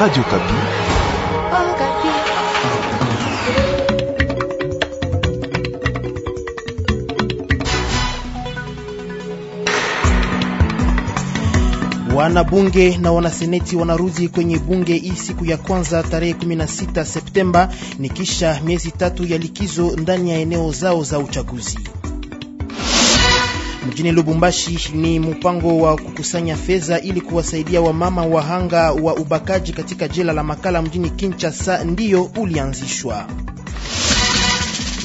Radio Kapi. Wanabunge na wanaseneti wanarudi kwenye bunge hii siku ya kwanza tarehe 16 Septemba ni kisha miezi tatu ya likizo ndani ya eneo zao za uchaguzi mjini Lubumbashi ni mpango wa kukusanya fedha ili kuwasaidia wamama wahanga wa ubakaji katika jela la Makala mjini Kinshasa ndiyo ulianzishwa.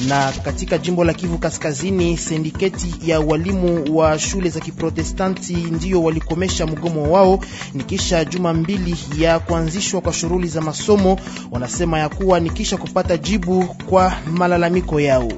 Na katika jimbo la Kivu Kaskazini, sindiketi ya walimu wa shule za Kiprotestanti ndiyo walikomesha mgomo wao ni kisha juma mbili ya kuanzishwa kwa shughuli za masomo. Wanasema ya kuwa ni kisha kupata jibu kwa malalamiko yao.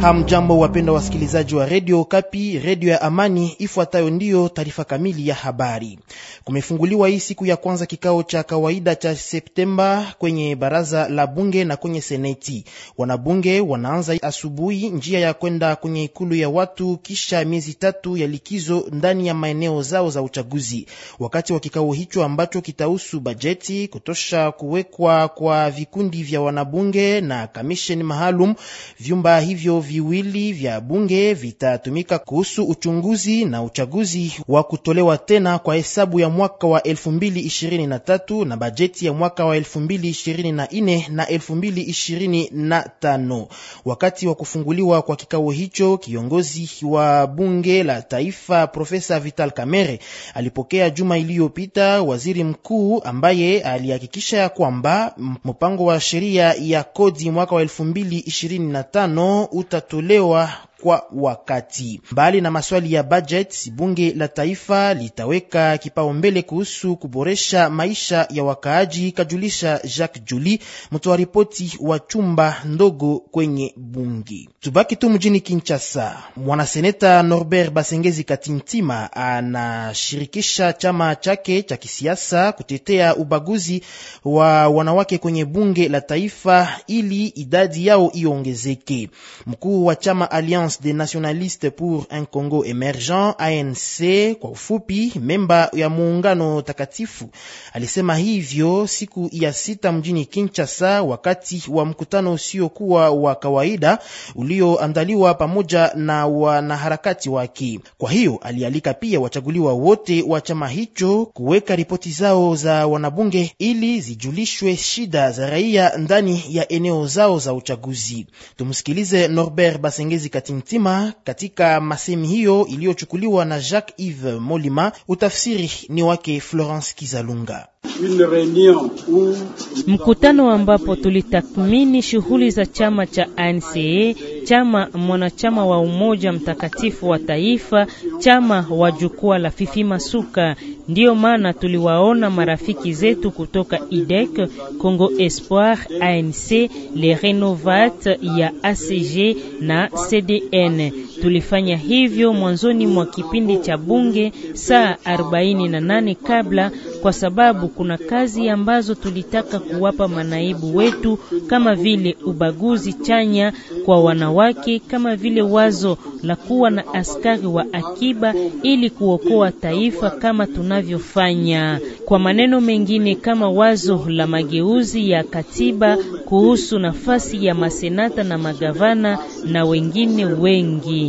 Hamjambo, wapenda wasikilizaji wa redio Kapi, redio ya Amani. Ifuatayo ndiyo taarifa kamili ya habari. Kumefunguliwa hii siku ya kwanza kikao cha kawaida cha Septemba kwenye baraza la bunge na kwenye seneti. Wanabunge wanaanza asubuhi njia ya kwenda kwenye ikulu ya watu kisha miezi tatu ya likizo ndani ya maeneo zao za uchaguzi. Wakati wa kikao hicho ambacho kitahusu bajeti kutosha, kuwekwa kwa vikundi vya wanabunge na kamisheni maalum, vyumba hivyo viwili vya bunge vitatumika kuhusu uchunguzi na uchaguzi wa kutolewa tena kwa hesabu ya mwaka wa 2023 na bajeti ya mwaka wa 2024 na 2025. Wakati wa kufunguliwa kwa kikao hicho, kiongozi wa bunge la taifa Profesa Vital Kamerhe alipokea juma iliyopita waziri mkuu ambaye alihakikisha ya kwamba mpango wa sheria ya kodi mwaka wa 2025 uta atatolewa kwa wakati. Mbali na maswali ya budget, bunge la taifa litaweka kipaumbele kuhusu kuboresha maisha ya wakaaji, kajulisha Jacques Juli, mtoa ripoti wa chumba ndogo kwenye bunge. Tubaki tu mjini Kinshasa, mwanaseneta Norbert Basengezi Katintima anashirikisha chama chake cha kisiasa kutetea ubaguzi wa wanawake kwenye bunge la taifa ili idadi yao iongezeke. Mkuu wa chama alian Alliance des nationalistes pour un Congo émergent ANC kwa ufupi, memba ya muungano takatifu, alisema hivyo siku ya sita mjini Kinshasa wakati wa mkutano usiokuwa wa kawaida ulioandaliwa pamoja na wanaharakati wake. Kwa hiyo alialika pia wachaguliwa wote wa chama hicho kuweka ripoti zao za wanabunge ili zijulishwe shida za raia ndani ya eneo zao za uchaguzi. Tumsikilize Norbert Basengezi Katin Mtima katika masemi hiyo iliyochukuliwa na Jacques Yves Molima. Utafsiri ni wake Florence Kizalunga. Mkutano ambapo tulitathmini shughuli za chama cha ANC, chama mwanachama wa Umoja Mtakatifu wa Taifa, chama wa jukwaa la Fifima Suka. Ndiyo maana tuliwaona marafiki zetu kutoka IDEC, Congo Espoir, ANC, le Renovat ya ACG na CDI. E CN. Tulifanya hivyo mwanzoni mwa kipindi cha bunge saa 48 kabla, kwa sababu kuna kazi ambazo tulitaka kuwapa manaibu wetu kama vile ubaguzi chanya kwa wanawake, kama vile wazo la kuwa na askari wa akiba ili kuokoa taifa kama tunavyofanya. Kwa maneno mengine, kama wazo la mageuzi ya katiba kuhusu nafasi ya masenata na magavana na wengine wengi.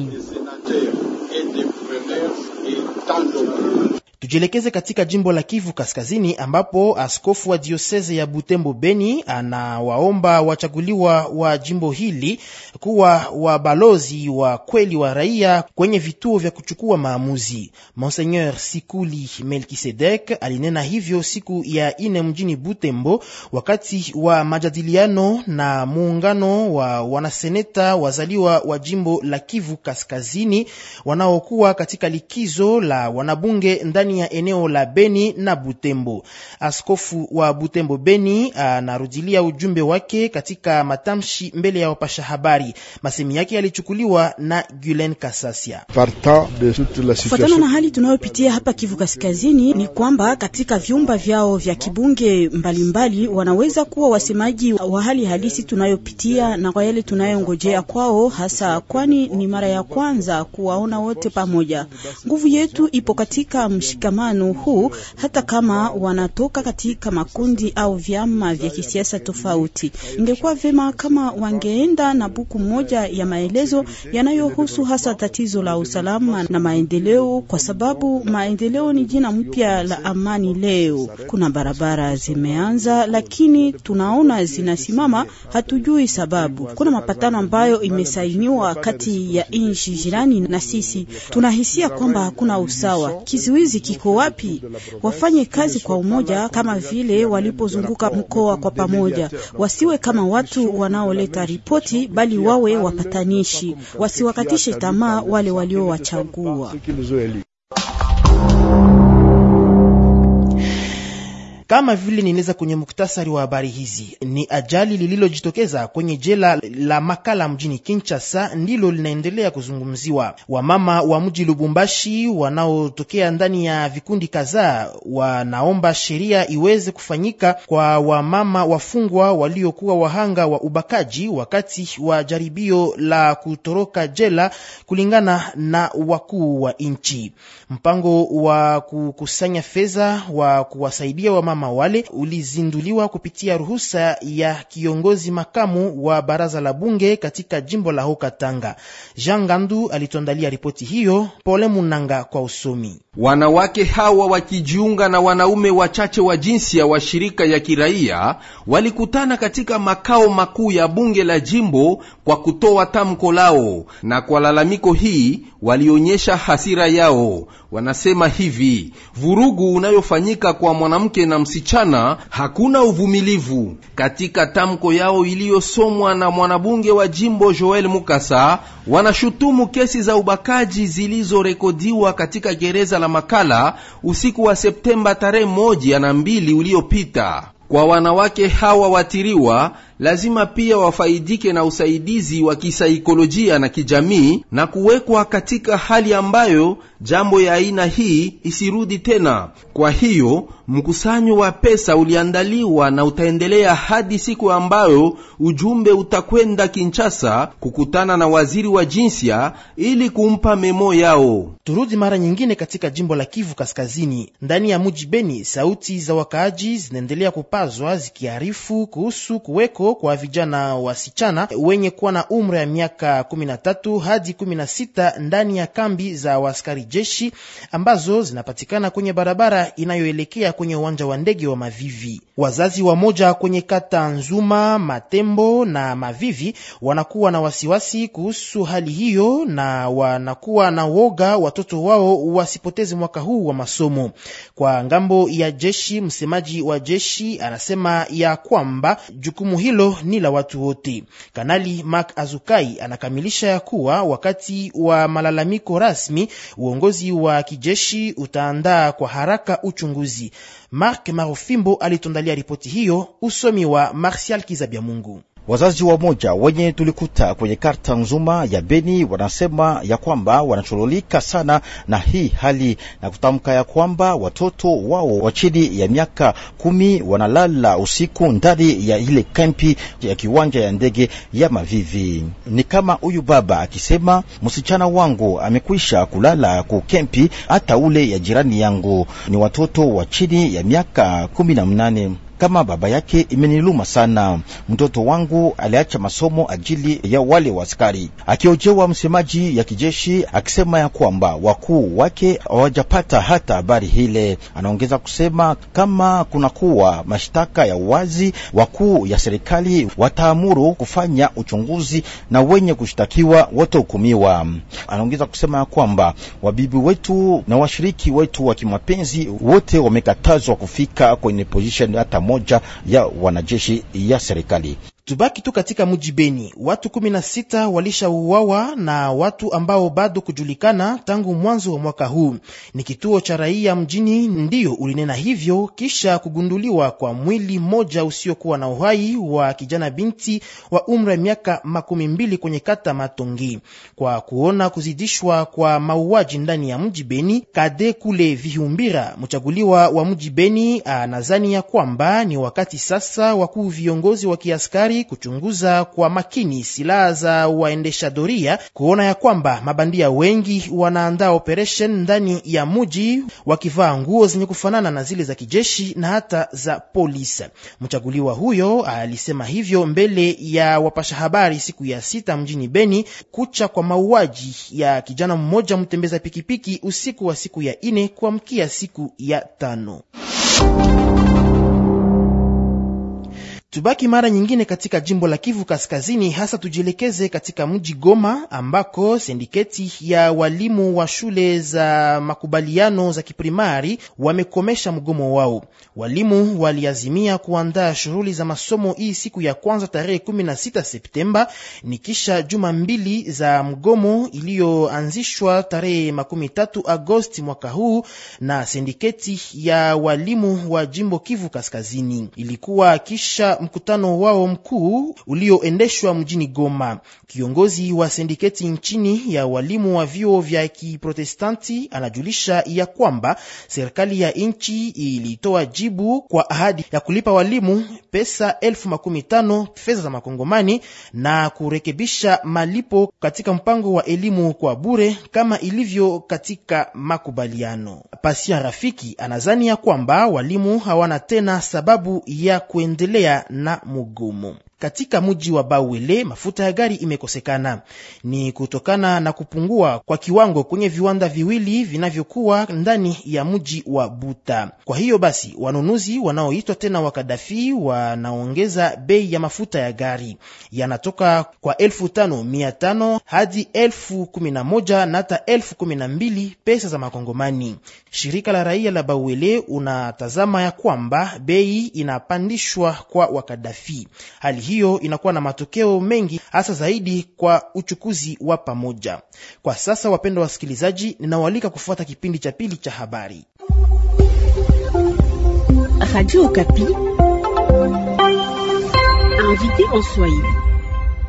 Tujielekeze katika jimbo la Kivu Kaskazini ambapo askofu wa dioseze ya Butembo Beni anawaomba wachaguliwa wa jimbo hili kuwa wabalozi wa kweli wa raia kwenye vituo vya kuchukua maamuzi. Monseigneur Sikuli Melkisedek alinena hivyo siku ya ine mjini Butembo wakati wa majadiliano na muungano wa wanaseneta wazaliwa wa jimbo la Kivu Kaskazini wanaokuwa katika likizo la wanabunge ndani ya eneo la Beni na Butembo. Askofu wa Butembo Beni ah, anarudilia ujumbe wake katika matamshi mbele ya wapasha habari. Masemi yake yalichukuliwa na Gulen Kasasia. Kufuatana na hali tunayopitia hapa Kivu Kaskazini ni kwamba katika vyumba vyao vya kibunge mbalimbali mbali, wanaweza kuwa wasemaji wa hali halisi tunayopitia na kwa yale tunayongojea kwao hasa, kwani ni mara ya kwanza kuwaona wote pamoja. Nguvu yetu ipo katika mshika mshikamano huu hata kama wanatoka katika makundi au vyama vya kisiasa tofauti. Ingekuwa vyema kama wangeenda na buku moja ya maelezo yanayohusu hasa tatizo la usalama na maendeleo, kwa sababu maendeleo ni jina mpya la amani. Leo kuna barabara zimeanza, lakini tunaona zinasimama, hatujui sababu. Kuna mapatano ambayo imesainiwa kati ya nchi jirani na sisi, tunahisia kwamba hakuna usawa. Kizuizi iko wapi? Wafanye kazi kwa umoja kama vile walipozunguka mkoa kwa pamoja, wasiwe kama watu wanaoleta ripoti, bali wawe wapatanishi. Wasiwakatishe tamaa wale waliowachagua. Kama vile nieleza kwenye muktasari wa habari hizi, ni ajali lililojitokeza kwenye jela la Makala mjini Kinshasa ndilo linaendelea kuzungumziwa. Wamama wa mji Lubumbashi wanaotokea ndani ya vikundi kadhaa wanaomba sheria iweze kufanyika kwa wamama wafungwa waliokuwa wahanga wa ubakaji wakati wa jaribio la kutoroka jela, kulingana na wakuu wa nchi. Mpango wa kukusanya fedha wa kuwasaidia wamama kama wale ulizinduliwa kupitia ruhusa ya kiongozi makamu wa baraza la bunge katika jimbo la Hoka Tanga. Jean Gandu alituandalia ripoti hiyo, Pole Munanga kwa usomi. Wanawake hawa wakijiunga na wanaume wachache wa jinsi wa washirika ya kiraia walikutana katika makao makuu ya bunge la jimbo kwa kutoa tamko lao, na kwa lalamiko hii walionyesha hasira yao wanasema hivi: vurugu unayofanyika kwa mwanamke na msichana hakuna uvumilivu. Katika tamko yao iliyosomwa na mwanabunge wa jimbo Joel Mukasa, wanashutumu kesi za ubakaji zilizorekodiwa katika gereza la Makala usiku wa Septemba tarehe moja na mbili uliopita kwa wanawake hawa watiriwa lazima pia wafaidike na usaidizi wa kisaikolojia na kijamii na kuwekwa katika hali ambayo jambo ya aina hii isirudi tena. Kwa hiyo mkusanyo wa pesa uliandaliwa na utaendelea hadi siku ambayo ujumbe utakwenda Kinshasa kukutana na waziri wa jinsia ili kumpa memo yao. Turudi mara nyingine katika jimbo la Kivu Kaskazini, ndani ya muji Beni, sauti za wakaaji zinaendelea kupazwa zikiarifu kuhusu kuweko kwa vijana wasichana wenye kuwa na umri ya miaka 13 hadi 16 ndani ya kambi za waskari jeshi ambazo zinapatikana kwenye barabara inayoelekea kwenye uwanja wa ndege wa Mavivi. Wazazi wa moja kwenye kata Nzuma, Matembo na Mavivi wanakuwa na wasiwasi kuhusu hali hiyo na wanakuwa na woga watoto wao wasipoteze mwaka huu wa masomo. Kwa ngambo ya jeshi, msemaji wa jeshi anasema ya kwamba jukumu hilo hilo ni la watu wote. Kanali Mark Azukai anakamilisha ya kuwa wakati wa malalamiko rasmi, uongozi wa kijeshi utaandaa kwa haraka uchunguzi. Mark Marofimbo alitondalia ripoti hiyo, usomi wa Martial Kizabya Mungu. Wazazi wa moja wenye tulikuta kwenye karta nzuma ya Beni wanasema ya kwamba wanachololika sana na hii hali na kutamka ya kwamba watoto wao wa chini ya miaka kumi wanalala usiku ndani ya ile kampi ya kiwanja ya ndege ya Mavivi. Ni kama huyu baba akisema, msichana wangu amekwisha kulala kukempi hata ule ya jirani yangu, ni watoto wa chini ya miaka kumi na mnane kama baba yake imeniluma sana. Mtoto wangu aliacha masomo ajili ya wale wa askari. Akiojewa msemaji ya kijeshi akisema ya kwamba wakuu wake hawajapata hata habari hile. Anaongeza kusema kama kunakuwa mashtaka ya uwazi, wakuu ya serikali wataamuru kufanya uchunguzi na wenye kushtakiwa watahukumiwa. Anaongeza kusema ya kwamba wabibi wetu na washiriki wetu wa kimapenzi wote wamekatazwa kufika kwenye position hata moja ya wanajeshi ya serikali. Tubaki tu katika mji Beni, watu kumi na sita walishauawa na watu ambao bado kujulikana tangu mwanzo wa mwaka huu. Ni kituo cha raia mjini ndiyo ulinena hivyo, kisha kugunduliwa kwa mwili mmoja usiokuwa na uhai wa kijana binti wa umri wa miaka makumi mbili kwenye kata Matongi. Kwa kuona kuzidishwa kwa mauaji ndani ya mji Beni, Kade Kule Vihumbira, mchaguliwa wa mji Beni, anazani ya kwamba ni wakati sasa wakuu viongozi wa kiaskari kuchunguza kwa makini silaha za waendesha doria kuona ya kwamba mabandia wengi wanaandaa operation ndani ya muji wakivaa nguo zenye kufanana na zile za kijeshi na hata za polisi. Mchaguliwa huyo alisema hivyo mbele ya wapasha habari siku ya sita mjini Beni, kucha kwa mauaji ya kijana mmoja mtembeza pikipiki usiku wa siku ya ine kuamkia siku ya tano. Tubaki mara nyingine katika jimbo la Kivu Kaskazini, hasa tujielekeze katika mji Goma ambako sindiketi ya walimu wa shule za makubaliano za kiprimari wamekomesha mgomo wao. Walimu waliazimia kuandaa shughuli za masomo hii siku ya kwanza tarehe 16 Septemba, ni kisha juma mbili za mgomo iliyoanzishwa tarehe 13 Agosti mwaka huu na sindiketi ya walimu wa jimbo Kivu Kaskazini. Ilikuwa kisha mkutano wao mkuu ulioendeshwa mjini Goma. Kiongozi wa sindiketi nchini ya walimu wa vyuo vya Kiprotestanti anajulisha ya kwamba serikali ya nchi ilitoa jibu kwa ahadi ya kulipa walimu pesa elfu makumi tano fedha za makongomani na kurekebisha malipo katika mpango wa elimu kwa bure kama ilivyo katika makubaliano. Pasia Rafiki anazani ya kwamba walimu hawana tena sababu ya kuendelea na mugumu katika mji wa bawele mafuta ya gari imekosekana. Ni kutokana na kupungua kwa kiwango kwenye viwanda viwili vinavyokuwa ndani ya mji wa Buta. Kwa hiyo basi, wanunuzi wanaoitwa tena wakadafi wanaongeza bei ya mafuta ya gari, yanatoka kwa elfu tano mia tano hadi elfu kumi na moja na hata elfu kumi na mbili pesa za makongomani. Shirika la raia la bawele unatazama ya kwamba bei inapandishwa kwa wakadafi hali hiyo inakuwa na matokeo mengi, hasa zaidi kwa uchukuzi wa pamoja. Kwa sasa, wapendwa wasikilizaji, ninawaalika kufuata kipindi cha pili cha habari Radio Okapi.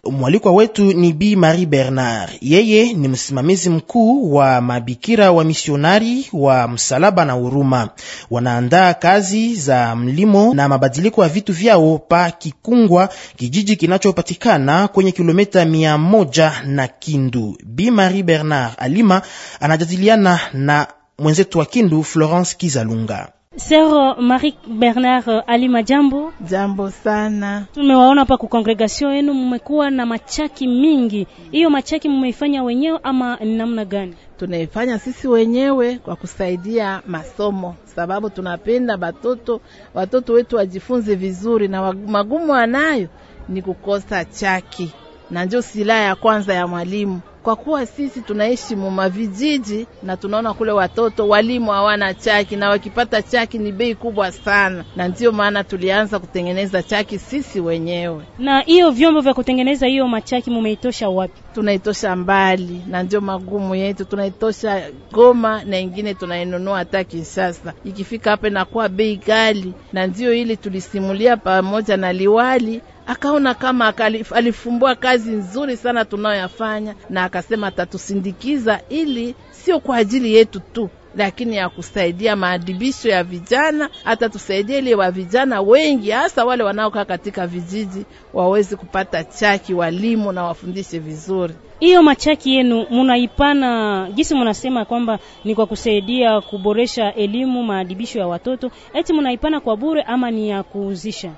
Mwalikwa wetu ni Bi Marie Bernard, yeye ni msimamizi mkuu wa mabikira wa misionari wa msalaba na huruma. Wanaandaa kazi za mlimo na mabadiliko ya vitu vyao pa Kikungwa, kijiji kinachopatikana kwenye kilomita mia moja na Kindu. Bi Marie Bernard Alima anajadiliana na mwenzetu wa Kindu Florence Kizalunga. Sir Marie Bernard Ali, majambo. Jambo sana. Tumewaona hapa ku congregation yenu, mmekuwa na machaki mingi. Hiyo machaki mmeifanya wenyewe ama ni namna gani? Tunaifanya sisi wenyewe kwa kusaidia masomo, sababu tunapenda batoto watoto wetu wajifunze vizuri, na magumu anayo ni kukosa chaki, na ndio silaha ya kwanza ya mwalimu kwa kuwa sisi tunaishi mumavijiji na tunaona kule watoto walimu hawana chaki, na wakipata chaki ni bei kubwa sana, na ndiyo maana tulianza kutengeneza chaki sisi wenyewe. Na hiyo vyombo vya kutengeneza hiyo machaki mumeitosha wapi? Tunaitosha mbali, na ndio magumu yetu, tunaitosha Goma na ingine tunainunua hata Kinshasa. Ikifika hapa inakuwa bei kali, na ndio ili tulisimulia pamoja na liwali akaona kama akalif, alifumbua kazi nzuri sana tunayoyafanya, na akasema atatusindikiza ili sio kwa ajili yetu tu lakini ya kusaidia maadibisho ya vijana, hata tusaidia ili wa vijana wengi, hasa wale wanaokaa katika vijiji waweze kupata chaki, walimu na wafundishe vizuri. Hiyo machaki yenu munaipana jisi munasema kwamba ni kwa kusaidia kuboresha elimu maadibisho ya watoto, eti munaipana kwa bure ama ni ya kuuzisha?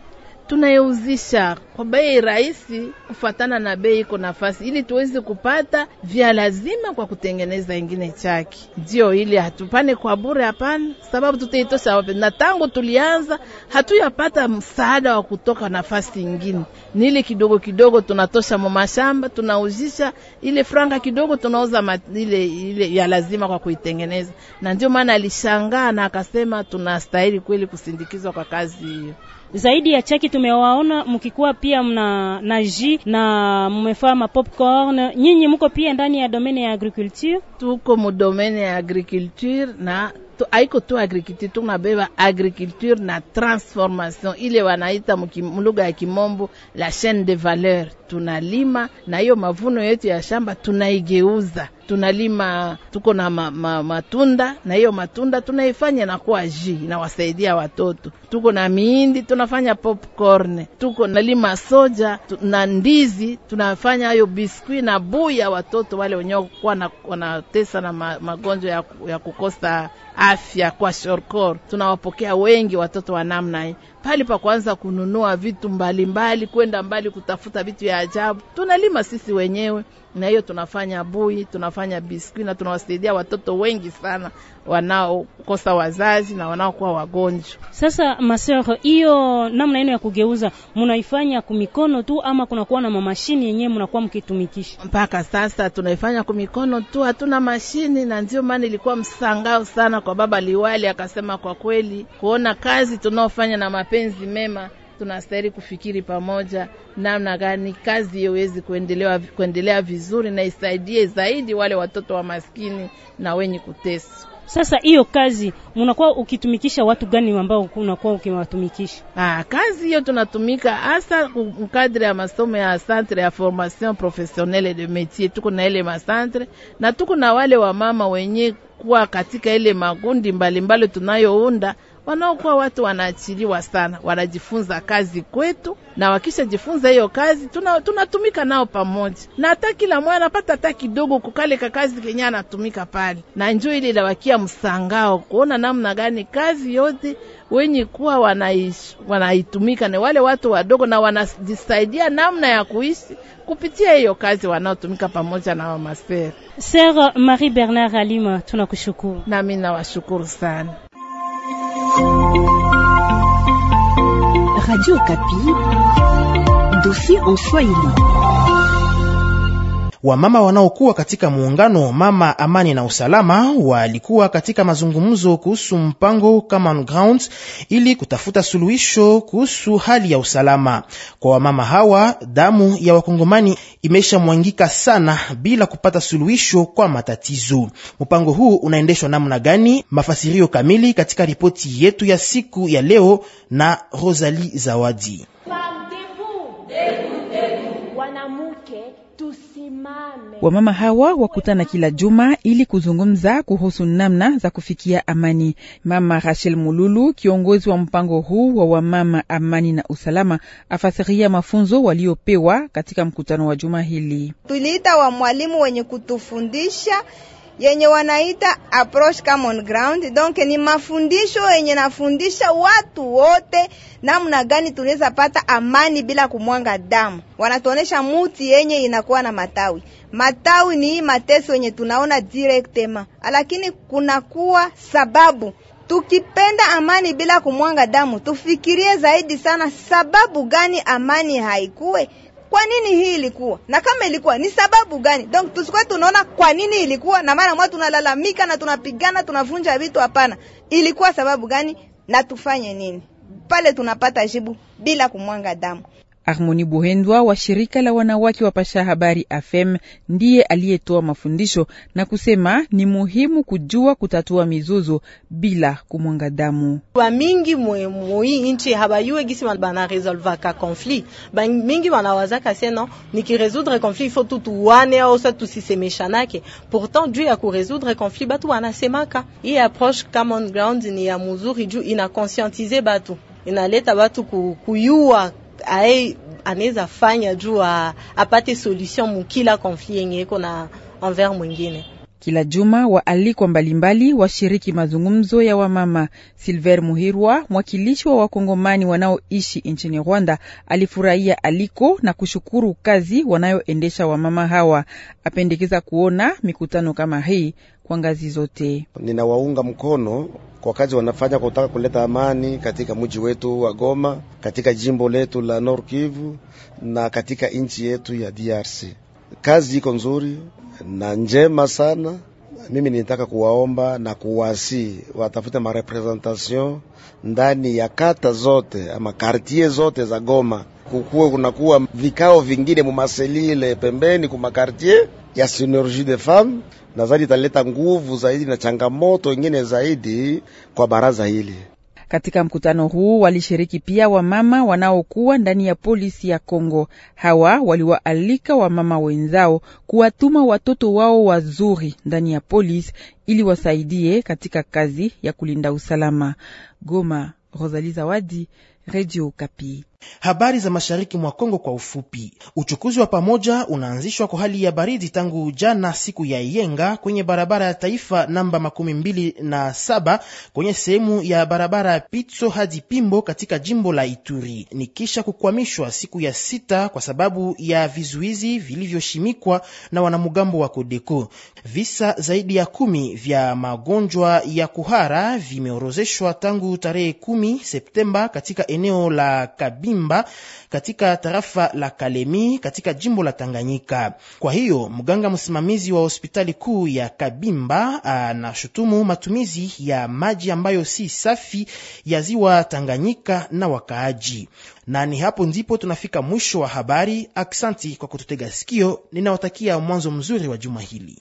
tunayeuzisha kwa bei rahisi kufatana na bei iko nafasi, ili tuweze kupata vya lazima kwa kutengeneza ingine chake. Ndio ili hatupane kwa bure, hapana, sababu tutaitosha wapi? Na tangu tulianza hatuyapata msaada wa kutoka nafasi ingine, ni ile kidogo kidogo tunatosha mu mashamba, tunauzisha ile franga kidogo, tunauza ile, ile ya lazima kwa kuitengeneza, na ndio maana alishangaa na akasema tunastahili kweli kusindikizwa kwa kazi hiyo. Zaidi ya chaki tumewaona mkikuwa pia mna na ji na mmefaa ma popcorn. Nyinyi mko pia ndani ya domaine ya agriculture? Tuko mu domaine ya agriculture na to, haiko tu agriculture, tunabeba agriculture na transformation, ile wanaita mlugha ya kimombo la chaine de valeur. Tunalima na hiyo mavuno yetu ya shamba tunaigeuza, tunalima tuko na ma, ma, matunda na hiyo matunda tunaifanya na kuwa ji, inawasaidia watoto. Tuko na miindi tunafanya popcorn, tuko nalima soja na ndizi tunafanya hayo biskwi na buya, watoto wale wenyewe kuwa wanatesa na magonjwa ya, ya kukosa afya kwa shorkor. Tunawapokea wengi watoto wa namna hii pali pa kuanza kununua vitu mbalimbali, kwenda mbali kutafuta vitu ya ajabu. Tunalima sisi wenyewe na hiyo tunafanya bui, tunafanya biskwi na tunawasaidia watoto wengi sana wanaokosa wazazi na wanaokuwa wagonjwa. Sasa masero, hiyo namna yenu ya kugeuza munaifanya kumikono tu ama kunakuwa na mamashini yenyewe mnakuwa mkitumikisha? Mpaka sasa tunaifanya kumikono tu, hatuna mashini, na ndio maana ilikuwa msangao sana kwa baba liwali, akasema kwa kweli kuona kazi tunaofanya na mapenzi mema tunastahili kufikiri pamoja namna gani kazi hiyo iwezi kuendelea, kuendelea vizuri na isaidie zaidi wale watoto wa maskini na wenye kuteswa. Sasa hiyo kazi munakuwa ukitumikisha watu gani ambao unakuwa ukiwatumikisha? Ah, kazi hiyo tunatumika hasa mkadri ya masomo ya centre ya formation professionnelle de métier. Tuko na ile masantre na tuko na wale wamama wenye kuwa katika ile makundi mbalimbali tunayounda wanaokuwa watu wanaachiliwa sana, wanajifunza kazi kwetu, na wakishajifunza hiyo kazi tunatumika tuna nao pamoja, na hata kila mwana anapata hata kidogo kukaleka kazi kenye anatumika pale, na njo ili lawakia msangao kuona namna gani kazi yote wenye kuwa wanaitumika wana ni wale watu wadogo, na wanajisaidia namna ya kuishi kupitia hiyo kazi wanaotumika pamoja na wamasera. Sir Marie Bernard Alima, tunakushukuru. Nami nawashukuru sana. Radio Capille dossier en Swahili. Wamama wanaokuwa katika muungano Mama Amani na Usalama walikuwa katika mazungumzo kuhusu mpango Common Ground ili kutafuta suluhisho kuhusu hali ya usalama. Kwa wamama hawa, damu ya wakongomani imeshamwangika sana bila kupata suluhisho kwa matatizo. Mpango huu unaendeshwa namna gani? Mafasirio kamili katika ripoti yetu ya siku ya leo na Rosalie Zawadi. Debu. Wamama hawa wakutana kila juma ili kuzungumza kuhusu namna za kufikia amani. Mama Rachel Mululu, kiongozi wa mpango huu wa wamama amani na usalama, afasiria mafunzo waliopewa katika mkutano wa juma hili. Tuliita wa mwalimu wenye kutufundisha yenye wanaita approach common ground. Donc ni mafundisho yenye nafundisha watu wote namna gani tunaweza pata amani bila kumwanga damu. Wanatuonesha muti yenye inakuwa na matawi. Matawi ni mateso yenye tunaona direktema, lakini kunakuwa sababu tukipenda amani bila kumwanga damu, tufikirie zaidi sana sababu gani amani haikuwe kwa nini hii ilikuwa na kama ilikuwa ni sababu gani? Donc tusikuwe tunaona kwa nini ilikuwa na maana mwa tunalalamika na tunapigana tunavunja vitu. Hapana, ilikuwa sababu gani na tufanye nini? Pale tunapata jibu bila kumwanga damu. Harmoni Buhendwa wa shirika la wanawake wa Pasha habari AFEM ndiye aliyetoa mafundisho na kusema ni muhimu kujua kutatua mizozo bila kumwanga damu. Bamingi mwemui nchi habayue gisi bana resolvaka konfli, bamingi wanawazaka seno nikiresoudre konfli ifo tu tuwane au sa tusisemeshanake. Pourtant juu ya kuresoudre konfli batu wanasemaka. Hii approche common ground ni ya muzuri juu inakonsientize batu inaleta batu kuyua aye anaweza fanya juu apate solution mukila konfli yenye iko na envers mwingine. Kila juma waalikwa mbalimbali washiriki mazungumzo ya wamama. Silver Muhirwa, mwakilishi wa wakongomani wanaoishi nchini Rwanda, alifurahia aliko na kushukuru kazi wanayoendesha wamama hawa. Apendekeza kuona mikutano kama hii kwa ngazi zote. Ninawaunga mkono kwa kazi wanafanya kutaka kuleta amani katika mji wetu wa Goma, katika jimbo letu la Nord Kivu na katika nchi yetu ya DRC. Kazi iko nzuri na njema sana. Mimi nitaka kuwaomba na kuwasi watafute marepresentation ndani ya kata zote ama kartie zote za Goma, kukuwe kunakuwa vikao vingine mumaselile pembeni kumakartie ya Synergie de Femmes nadhani italeta nguvu zaidi na changamoto ingine zaidi kwa baraza hili. Katika mkutano huu walishiriki pia wamama wanaokuwa ndani ya polisi ya Kongo. Hawa waliwaalika wamama wenzao kuwatuma watoto wao wazuri ndani ya polisi ili wasaidie katika kazi ya kulinda usalama. Goma, Rosalie Zawadi, Radio Kapi. Habari za mashariki mwa Kongo kwa ufupi. Uchukuzi wa pamoja unaanzishwa kwa hali ya baridi tangu jana siku ya Yenga kwenye barabara ya taifa namba makumi mbili na saba kwenye sehemu ya barabara ya Pitso hadi Pimbo katika jimbo la Ituri, ni kisha kukwamishwa siku ya sita kwa sababu ya vizuizi vilivyoshimikwa na wanamgambo wa Kodeko. Visa zaidi ya kumi vya magonjwa ya kuhara vimeorozeshwa tangu tarehe kumi Septemba katika eneo la Kabi Simba katika tarafa la Kalemi katika jimbo la Tanganyika. Kwa hiyo mganga msimamizi wa hospitali kuu ya Kabimba anashutumu matumizi ya maji ambayo si safi ya ziwa Tanganyika na wakaaji. Na ni hapo ndipo tunafika mwisho wa habari. Aksanti kwa kututega sikio, ninawatakia mwanzo mzuri wa juma hili.